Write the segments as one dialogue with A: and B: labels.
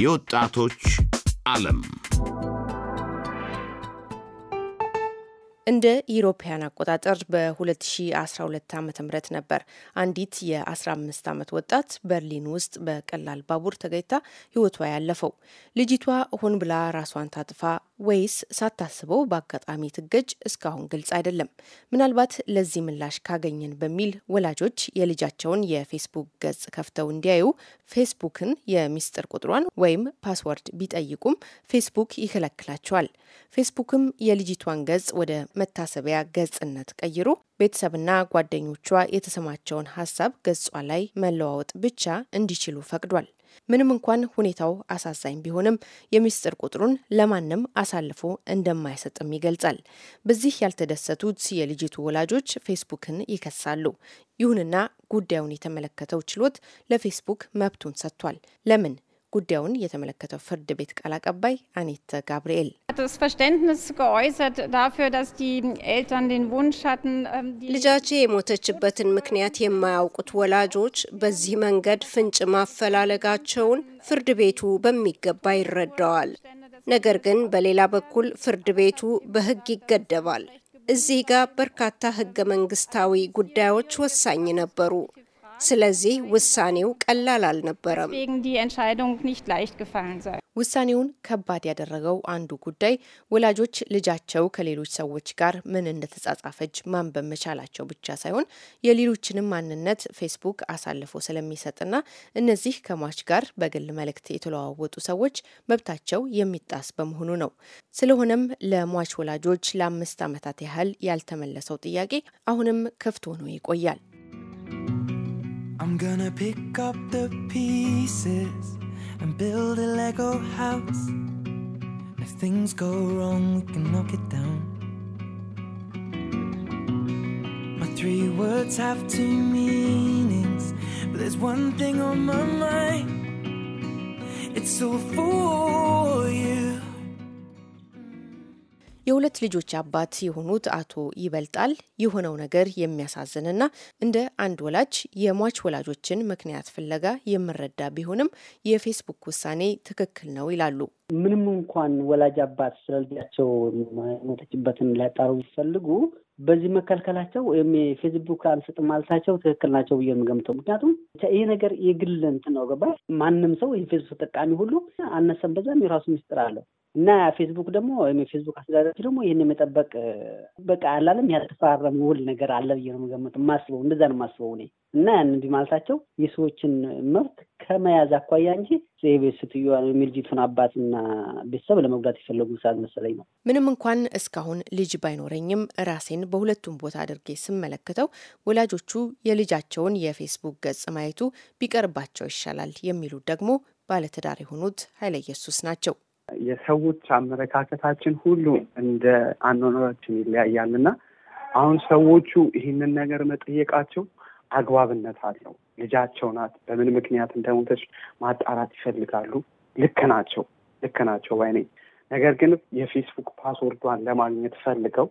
A: የወጣቶች ዓለም
B: እንደ ኢሮፓያን አቆጣጠር በ2012 ዓ ም ነበር አንዲት የ15 ዓመት ወጣት በርሊን ውስጥ በቀላል ባቡር ተገኝታ ህይወቷ ያለፈው። ልጅቷ ሆን ብላ ራሷን ታጥፋ ወይስ ሳታስበው በአጋጣሚ ትገጭ እስካሁን ግልጽ አይደለም። ምናልባት ለዚህ ምላሽ ካገኘን በሚል ወላጆች የልጃቸውን የፌስቡክ ገጽ ከፍተው እንዲያዩ ፌስቡክን የሚስጥር ቁጥሯን ወይም ፓስወርድ ቢጠይቁም ፌስቡክ ይከለክላቸዋል። ፌስቡክም የልጅቷን ገጽ ወደ መታሰቢያ ገጽነት ቀይሩ ቤተሰብና ጓደኞቿ የተሰማቸውን ሀሳብ ገጿ ላይ መለዋወጥ ብቻ እንዲችሉ ፈቅዷል። ምንም እንኳን ሁኔታው አሳዛኝ ቢሆንም የሚስጥር ቁጥሩን ለማንም አሳልፎ እንደማይሰጥም ይገልጻል። በዚህ ያልተደሰቱት የልጅቱ ወላጆች ፌስቡክን ይከሳሉ። ይሁንና ጉዳዩን የተመለከተው ችሎት ለፌስቡክ መብቱን ሰጥቷል። ለምን ጉዳዩን የተመለከተው ፍርድ ቤት ቃል አቀባይ አኒት ጋብርኤል ähm, ልጃቸው የሞተችበትን ምክንያት የማያውቁት ወላጆች በዚህ መንገድ ፍንጭ ማፈላለጋቸውን ፍርድ ቤቱ በሚገባ ይረዳዋል። ነገር ግን በሌላ በኩል ፍርድ ቤቱ በሕግ ይገደባል። እዚህ ጋር በርካታ ሕገ መንግስታዊ ጉዳዮች ወሳኝ ነበሩ። ስለዚህ ውሳኔው ቀላል አልነበረም። ውሳኔውን ከባድ ያደረገው አንዱ ጉዳይ ወላጆች ልጃቸው ከሌሎች ሰዎች ጋር ምን እንደተጻጻፈች ማንበብ መቻላቸው ብቻ ሳይሆን የሌሎችንም ማንነት ፌስቡክ አሳልፎ ስለሚሰጥና እነዚህ ከሟች ጋር በግል መልእክት የተለዋወጡ ሰዎች መብታቸው የሚጣስ በመሆኑ ነው። ስለሆነም ለሟች ወላጆች ለአምስት ዓመታት ያህል ያልተመለሰው ጥያቄ አሁንም ክፍት ሆኖ ይቆያል። I'm gonna pick up the pieces and build a Lego house. if things go wrong, we can knock it down. My three words have two meanings, but there's one thing on my mind. It's so full. የሁለት ልጆች አባት የሆኑት አቶ ይበልጣል የሆነው ነገር የሚያሳዝንና እንደ አንድ ወላጅ የሟች ወላጆችን ምክንያት ፍለጋ የምረዳ ቢሆንም የፌስቡክ ውሳኔ ትክክል ነው ይላሉ። ምንም እንኳን ወላጅ
C: አባት ስለ ልጃቸው ሞተችበትን ሊያጣሩ ቢፈልጉ በዚህ መከልከላቸው ወይም የፌስቡክ አንስጥም ማለታቸው ትክክል ናቸው ብዬ የምገምተው። ምክንያቱም ይሄ ነገር የግል እንትን ነው ገባ። ማንም ሰው የፌስቡክ ተጠቃሚ ሁሉ አነሰን በዛም የራሱ ሚስጥር አለው። እና ፌስቡክ ደግሞ ወይም የፌስቡክ አስተዳዳሪዎች ደግሞ ይህን የመጠበቅ በቃ አላለም ያልተፈራረመ ውል ነገር አለ ብዬ ነው የምገምጥ ማስበው እንደዛ ነው ማስበው እኔ እና ያን እንዲህ ማለታቸው የሰዎችን መብት ከመያዝ አኳያ እንጂ ቤት ስትዩ የሚል ልጅቱን አባትና ቤተሰብ ለመጉዳት የፈለጉ ሰዓት መሰለኝ ነው።
B: ምንም እንኳን እስካሁን ልጅ ባይኖረኝም ራሴን በሁለቱም ቦታ አድርጌ ስመለከተው ወላጆቹ የልጃቸውን የፌስቡክ ገጽ ማየቱ ቢቀርባቸው ይሻላል የሚሉት ደግሞ ባለትዳር የሆኑት ኃይለ ኢየሱስ ናቸው። የሰዎች አመለካከታችን ሁሉ እንደ አኗኗራችን ይለያያል እና አሁን ሰዎቹ
A: ይህንን ነገር መጠየቃቸው አግባብነት አለው። ልጃቸው ናት፣ በምን ምክንያት እንደሞተች ማጣራት ይፈልጋሉ። ልክ ናቸው፣ ልክ ናቸው ባይ ነኝ። ነገር ግን የፌስቡክ ፓስወርዷን ለማግኘት ፈልገው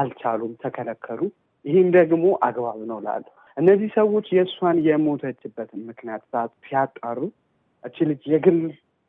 A: አልቻሉም፣ ተከለከሉ። ይህም ደግሞ አግባብ ነው ላሉ እነዚህ ሰዎች የእሷን የሞተችበትን ምክንያት ሲያጣሩ እቺ ልጅ የግል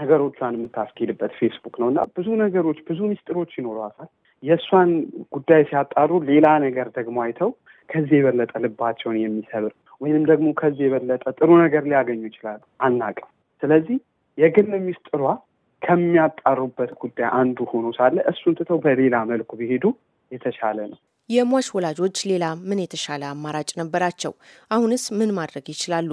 A: ነገሮቿን የምታስኬድበት ፌስቡክ ነው እና ብዙ ነገሮች ብዙ ሚስጥሮች ይኖሯታል። የእሷን ጉዳይ ሲያጣሩ ሌላ ነገር ደግሞ አይተው ከዚህ የበለጠ ልባቸውን የሚሰብር ወይንም ደግሞ ከዚህ የበለጠ ጥሩ ነገር ሊያገኙ ይችላሉ። አናውቅም። ስለዚህ የግል ሚስጥሯ ከሚያጣሩበት ጉዳይ አንዱ ሆኖ ሳለ እሱን ትተው በሌላ መልኩ ቢሄዱ የተሻለ ነው።
B: የሟች ወላጆች ሌላ ምን የተሻለ አማራጭ ነበራቸው? አሁንስ ምን ማድረግ ይችላሉ?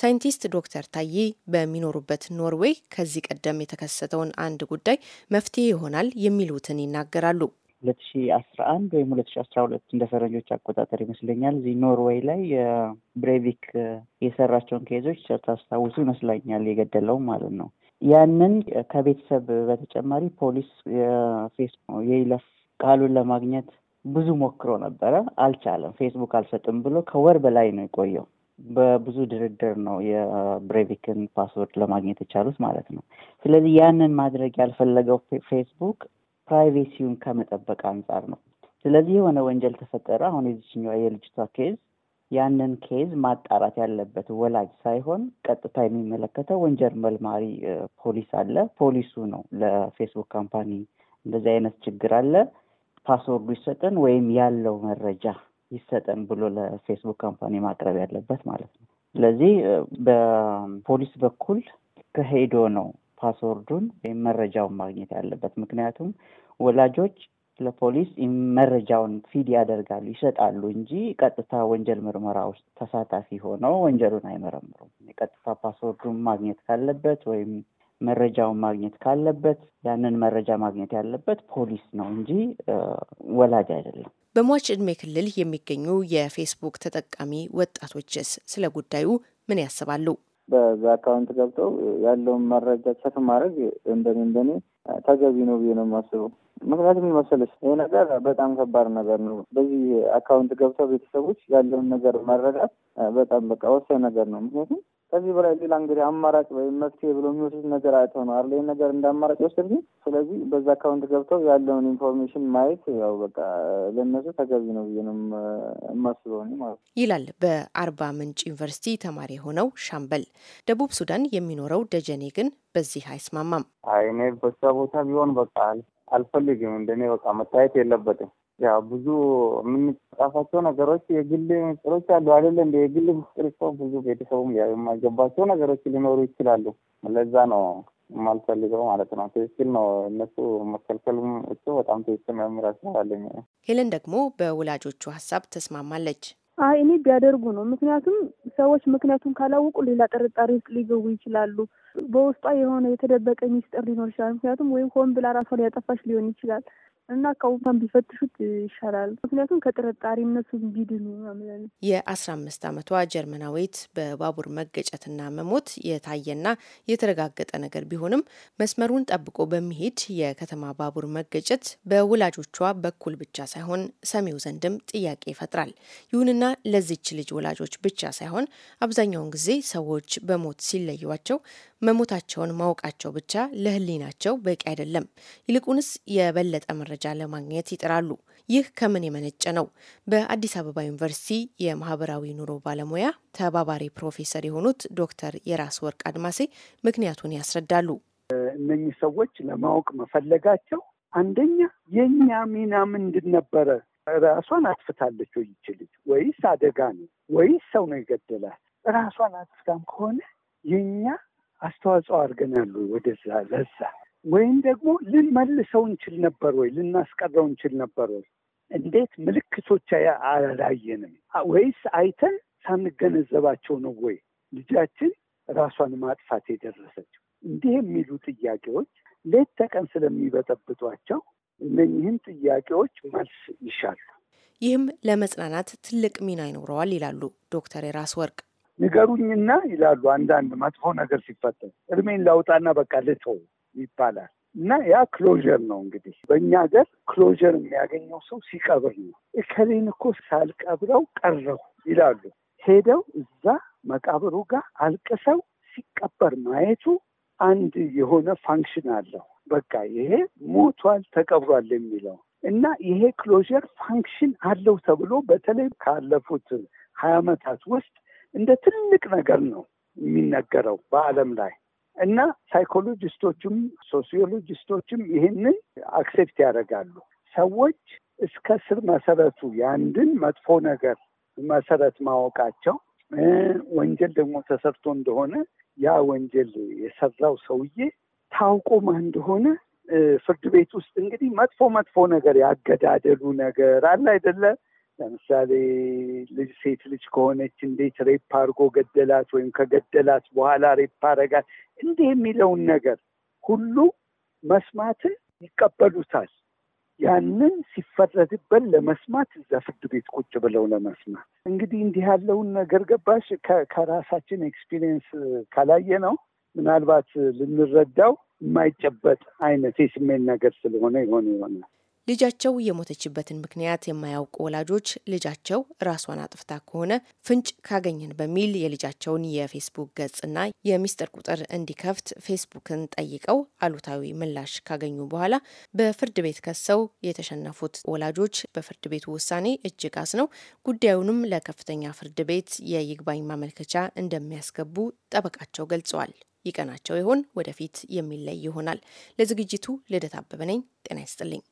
B: ሳይንቲስት ዶክተር ታዬ በሚኖሩበት ኖርዌይ ከዚህ ቀደም የተከሰተውን አንድ ጉዳይ መፍትሄ ይሆናል የሚሉትን ይናገራሉ። ሁለት ሺ አስራ አንድ ወይም ሁለት ሺ አስራ ሁለት እንደ ፈረንጆች
C: አቆጣጠር ይመስለኛል እዚህ ኖርዌይ ላይ የብሬቪክ የሰራቸውን ኬዞች ታስታውሱ ይመስላኛል የገደለው ማለት ነው። ያንን ከቤተሰብ በተጨማሪ ፖሊስ የፌስ የይለፍ ቃሉን ለማግኘት ብዙ ሞክሮ ነበረ፣ አልቻለም። ፌስቡክ አልሰጥም ብሎ ከወር በላይ ነው የቆየው። በብዙ ድርድር ነው የብሬቪክን ፓስወርድ ለማግኘት የቻሉት ማለት ነው። ስለዚህ ያንን ማድረግ ያልፈለገው ፌስቡክ ፕራይቬሲውን ከመጠበቅ አንጻር ነው። ስለዚህ የሆነ ወንጀል ተፈጠረ። አሁን የዚችኛዋ የልጅቷ ኬዝ ያንን ኬዝ ማጣራት ያለበት ወላጅ ሳይሆን ቀጥታ የሚመለከተው ወንጀል መልማሪ ፖሊስ አለ። ፖሊሱ ነው ለፌስቡክ ካምፓኒ እንደዚህ አይነት ችግር አለ ፓስወርዱ ይሰጠን ወይም ያለው መረጃ ይሰጠን ብሎ ለፌስቡክ ካምፓኒ ማቅረብ ያለበት ማለት ነው። ስለዚህ በፖሊስ በኩል ከሄዶ ነው ፓስወርዱን ወይም መረጃውን ማግኘት ያለበት። ምክንያቱም ወላጆች ለፖሊስ መረጃውን ፊድ ያደርጋሉ ይሰጣሉ እንጂ ቀጥታ ወንጀል ምርመራ ውስጥ ተሳታፊ ሆነው ወንጀሉን አይመረምሩም። የቀጥታ ፓስወርዱን ማግኘት ካለበት ወይም መረጃውን ማግኘት ካለበት ያንን መረጃ ማግኘት ያለበት ፖሊስ ነው እንጂ ወላጅ አይደለም።
B: በሟች እድሜ ክልል የሚገኙ የፌስቡክ ተጠቃሚ ወጣቶችስ ስለ ጉዳዩ ምን ያስባሉ? በዛ
C: አካውንት ገብተው ያለውን መረጃ ቸክ ማድረግ እንደኔ እንደኔ ተገቢ ነው ብዬ ነው የማስበው። ምክንያቱም መሰለሽ ይሄ ነገር በጣም ከባድ ነገር ነው። በዚህ አካውንት ገብተው ቤተሰቦች ያለውን ነገር መረዳት በጣም በቃ ወሳኝ ነገር ነው። ምክንያቱም ከዚህ በላይ ሌላ እንግዲህ አማራጭ ወይም መፍትሄ ብሎ የሚወስዱት ነገር አይተው ነው አለ ይህን ነገር እንደ አማራጭ ወስድ። ስለዚህ በዛ አካውንት ገብተው ያለውን ኢንፎርሜሽን ማየት ያው በቃ ለነሱ ተገቢ ነው ብዬ ነው የማስበው ማለት
B: ነው ይላል በአርባ ምንጭ ዩኒቨርሲቲ ተማሪ የሆነው ሻምበል። ደቡብ ሱዳን የሚኖረው ደጀኔ ግን በዚህ አይስማማም።
C: አይኔ እኔ በዛ ቦታ ቢሆን በቃ አልፈልግም። እንደኔ በቃ መታየት የለበትም። ያ ብዙ የምንጻፋቸው ነገሮች የግል ምስጢሮች አሉ አይደለ? እንደ የግል ምስጢር ሰው ብዙ ቤተሰቡም የማይገባቸው ነገሮች ሊኖሩ ይችላሉ። ለዛ ነው የማልፈልገው ማለት ነው። ትክክል ነው። እነሱ
B: መከልከልም እ በጣም ትክክል ነው የሚል ሀሳብ ሄለን ደግሞ በወላጆቹ ሀሳብ ተስማማለች።
C: አይ እኔ ቢያደርጉ ነው። ምክንያቱም ሰዎች ምክንያቱም ካላወቁ ሌላ ጥርጣሬ ውስጥ ሊገቡ ይችላሉ። በውስጧ የሆነ የተደበቀ ሚስጥር ሊኖር ይችላል። ምክንያቱም ወይም ሆን ብላ ራሷ ሊያጠፋች ሊሆን ይችላል። እና ከውፋን ቢፈትሹት ይሻላል። ምክንያቱም ከጥርጣሬ እነሱ ቢድኑ ምናምን።
B: የአስራ አምስት አመቷ ጀርመናዊት በባቡር መገጨትና መሞት የታየና የተረጋገጠ ነገር ቢሆንም መስመሩን ጠብቆ በሚሄድ የከተማ ባቡር መገጨት በወላጆቿ በኩል ብቻ ሳይሆን ሰሚው ዘንድም ጥያቄ ይፈጥራል። ይሁንና ለዚች ልጅ ወላጆች ብቻ ሳይሆን አብዛኛውን ጊዜ ሰዎች በሞት ሲለዩዋቸው መሞታቸውን ማወቃቸው ብቻ ለህሊናቸው በቂ አይደለም። ይልቁንስ የበለጠ መረጃ ለማግኘት ይጥራሉ። ይህ ከምን የመነጨ ነው? በአዲስ አበባ ዩኒቨርሲቲ የማህበራዊ ኑሮ ባለሙያ ተባባሪ ፕሮፌሰር የሆኑት ዶክተር የራስ ወርቅ አድማሴ ምክንያቱን ያስረዳሉ።
A: እነኚህ ሰዎች ለማወቅ መፈለጋቸው አንደኛ የእኛ ሚና ምንድን ነበረ? ራሷን አጥፍታለች ወይ ይች ልጅ? ወይስ አደጋ ነው? ወይስ ሰው ነው የገደላት? ራሷን አጥፍታም ከሆነ የእኛ አስተዋጽኦ አድርገናል ወይ ወደዛ ለዛ ወይም ደግሞ ልንመልሰው እንችል ነበር ወይ ልናስቀረው እንችል ነበር ወይ እንዴት ምልክቶች አላየንም ወይስ አይተን ሳንገነዘባቸው ነው ወይ ልጃችን ራሷን ማጥፋት የደረሰችው እንዲህ የሚሉ ጥያቄዎች ሌት ተቀን ስለሚበጠብጧቸው እነኝህን ጥያቄዎች መልስ ይሻሉ
B: ይህም ለመጽናናት ትልቅ ሚና ይኖረዋል ይላሉ ዶክተር የራስ ወርቅ ንገሩኝና ይላሉ። አንዳንድ
A: መጥፎ ነገር ሲፈጠር እድሜን ላውጣና በቃ ልተው ይባላል እና ያ ክሎዥር ነው እንግዲህ በእኛ ሀገር ክሎዥር የሚያገኘው ሰው ሲቀብር ነው። እከሌን እኮ ሳልቀብረው ቀረሁ ይላሉ። ሄደው እዛ መቃብሩ ጋር አልቅሰው ሲቀበር ማየቱ አንድ የሆነ ፋንክሽን አለው። በቃ ይሄ ሞቷል ተቀብሯል የሚለው እና ይሄ ክሎዥር ፋንክሽን አለው ተብሎ በተለይ ካለፉት ሀያ ዓመታት ውስጥ እንደ ትልቅ ነገር ነው
B: የሚነገረው
A: በዓለም ላይ እና ሳይኮሎጂስቶችም ሶሲዮሎጂስቶችም ይህንን አክሴፕት ያደርጋሉ። ሰዎች እስከ ስር መሰረቱ የአንድን መጥፎ ነገር መሰረት ማወቃቸው ወንጀል ደግሞ ተሰርቶ እንደሆነ ያ ወንጀል የሰራው ሰውዬ ታውቆ ማን እንደሆነ ፍርድ ቤት ውስጥ እንግዲህ መጥፎ መጥፎ ነገር ያገዳደሉ ነገር አለ አይደለ ለምሳሌ ልጅ ሴት ልጅ ከሆነች እንዴት ሬፕ አድርጎ ገደላት ወይም ከገደላት በኋላ ሬፕ አረጋት እንዲህ የሚለውን ነገር ሁሉ መስማትን ይቀበሉታል። ያንን ሲፈረድበት ለመስማት እዛ ፍርድ ቤት ቁጭ ብለው ለመስማት እንግዲህ እንዲህ ያለውን ነገር ገባሽ ከራሳችን ኤክስፒሪየንስ ካላየ ነው ምናልባት ልንረዳው የማይጨበጥ አይነት የስሜን ነገር
B: ስለሆነ የሆነ ይሆናል። ልጃቸው የሞተችበትን ምክንያት የማያውቁ ወላጆች ልጃቸው ራሷን አጥፍታ ከሆነ ፍንጭ ካገኘን በሚል የልጃቸውን የፌስቡክ ገጽና የሚስጥር ቁጥር እንዲከፍት ፌስቡክን ጠይቀው አሉታዊ ምላሽ ካገኙ በኋላ በፍርድ ቤት ከሰው የተሸነፉት ወላጆች በፍርድ ቤቱ ውሳኔ እጅግ አዝነው ጉዳዩንም ለከፍተኛ ፍርድ ቤት የይግባኝ ማመልከቻ እንደሚያስገቡ ጠበቃቸው ገልጸዋል። ይቀናቸው ይሆን? ወደፊት የሚለይ ይሆናል። ለዝግጅቱ ልደት አበበ ነኝ። ጤና ይስጥልኝ።